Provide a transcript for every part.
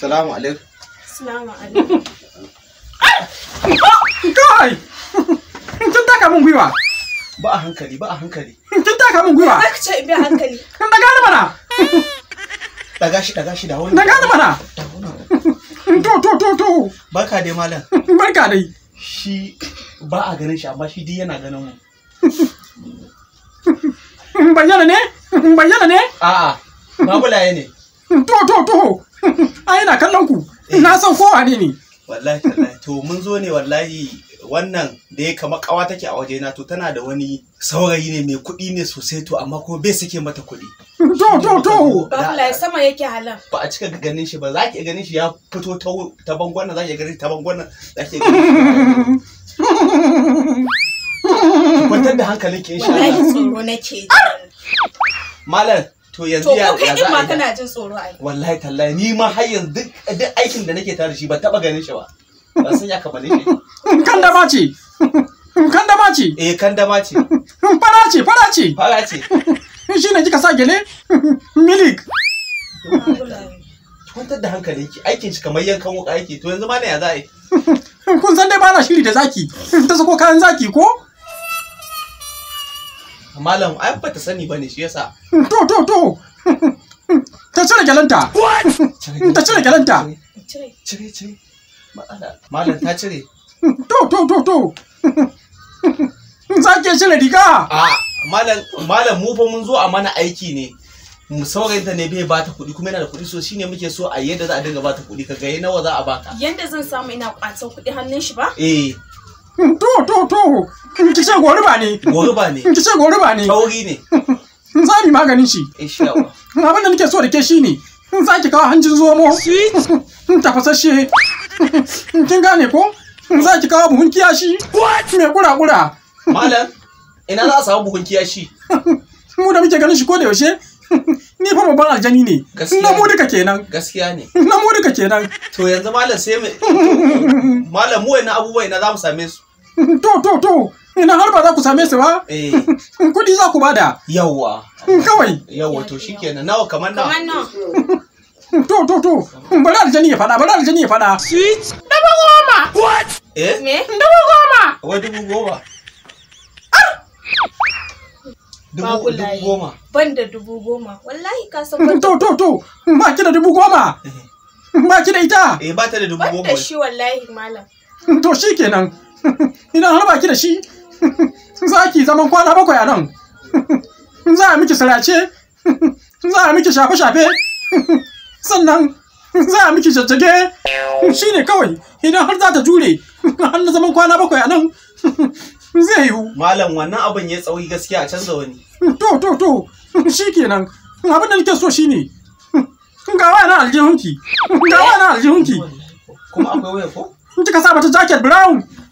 Salamu alaikum. Salamu alaikum. Kai! Kin taka mun gwiwa. Ba a hankali, ba a hankali. Kin taka mun gwiwa. Ba ka ce in bi hankali. Kan daga ni mana. Daga shi, daga shi da wani. Daga ni mana. To, to, to, to. Barka dai malam. Barka dai. Shi ba a ganin shi amma shi dai yana ganin mu. Bayyana ne? Bayyana ne? A'a, babulaye ne. To, to, to. a yana kallon ku na san ko wane ne wallahi to mun zo ne wallahi wannan da ya kama kawa take a waje na to tana da wani saurayi ne mai kuɗi ne sosai to amma ko bai suke mata kuɗi to to to wallahi sama yake halan ba a cika ganin shi ba za ki ganin shi ya fito ta bangon nan za ki ganin shi ta bangon nan za ki ganin kwantar da hankalin ki insha Allah wallahi tsoro nake malam to yanzu ya to kai ma kana jin tsoro ai wallahi tallahi ni ma har yanzu duk duk aikin da nake tare shi ba taba ganin shi ba ba san ya kamale shi kan da mace kan da mace eh kan da mace fara ce fara ce fara ce shine kika sa gele milik kwantar da hankali ki aikin shi kamar yankan wuka yake to yanzu ma ne ya za a yi kun san dai ba na shiri da zaki ta sako kayan zaki ko malam ai ba ta sani bane shi yasa to to to ta cire gyalanta ta cire gyalanta cire cire malam ta cire to to to to za ke cire riga malam malam mu fa mun zo a mana aiki ne saurayinta ne bai bata kuɗi kuma yana da kuɗi so shine muke so a yadda za a dinga bata kuɗi kaga nawa za a baka yanda zan samu ina kwatan kuɗi hannun shi ba eh to to to ki ce goruba ne goruba ne ki ce goruba ne tauri ne za mu maganin shi insha Allah abin da nake so da ke shi ne. za ki kawo hanjin zomo sweet tafasashe kin gane ko za ki kawo buhun kiyashi Mai kura kura malam ina za a samu buhun kiyashi mu da muke ganin shi ko da yaushe ni fa babban aljani ne na mu duka kenan gaskiya ne na mu duka kenan to yanzu malam sai mu malam mu wayannan abubuwa ina za mu same su to to to ina har ba za ku same su ba eh. kudi za ku bada yawa kawai yawa to shikenan nawa kamar nawa kamar nawa to to to bari aljani ya fada bari aljani ya fada sweet dubu goma what eh me dubu goma wai dubu goma ah! dubu goma ban da dubu goma wallahi ka san to to to ba ki da dubu goma eh. ba ki da ita eh ba ta da dubu goma ban da shi wallahi malam to shikenan ina har ki da shi za ki zaman kwana bakwai a nan za a miki sarace za a miki shafe-shafe sannan za a miki jajjage shi ne kawai idan har za ta jure har na zaman kwana bakwai a nan zai yiwu malam wannan abin ya tsauri gaskiya a canza wani to to to shi kenan abin da nake so shi ne ga wa nan aljihunki ga wa nan aljihunki kuma akwai waya ko kika sa mata jacket brown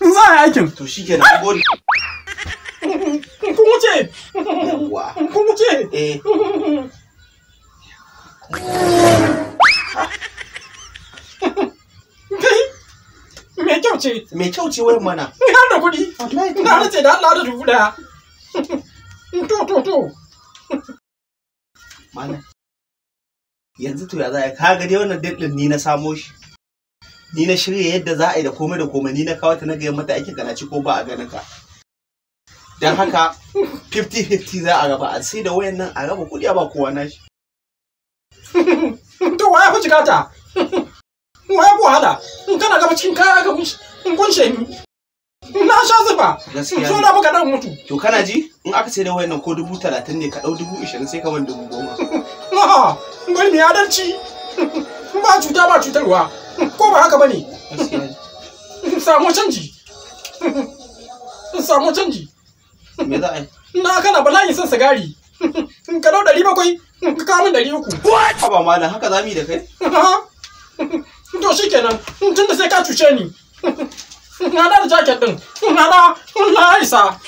in za a yi to shi ke nan gode kun mai eh. kyau ce mai kyau ce wani mana da na rance da Allah da dubu daya to to to mana yanzu to ya za ka ga dai wannan dalilin ni na samo shi ni na shirya yadda za a yi da komai da komai ni na kawo ta na ga mata aikin kana ci ko ba a ganin ka dan haka 50-50 za a raba a sai da wayan nan a raba kudi a ba kowa na shi. to waya fi cika ta bu hala in kana gaba cikin kaya ka kunshe ni na sha zuba so na baka dan mutu to kana ji in aka sai da wayan nan ko dubu talatin ne ka ɗau dubu ishirin sai ka wani dubu goma gwai ya adalci ba cuta ba cutarwa ko ba haka bane samu canji samu canji me za a yi na kana bala'i son sigari ka dau ɗari bakwai ka kawo min ɗari uku what ba malam haka zami da kai to shikenan tun da sai ka cuce ni na da jacket din na da na isa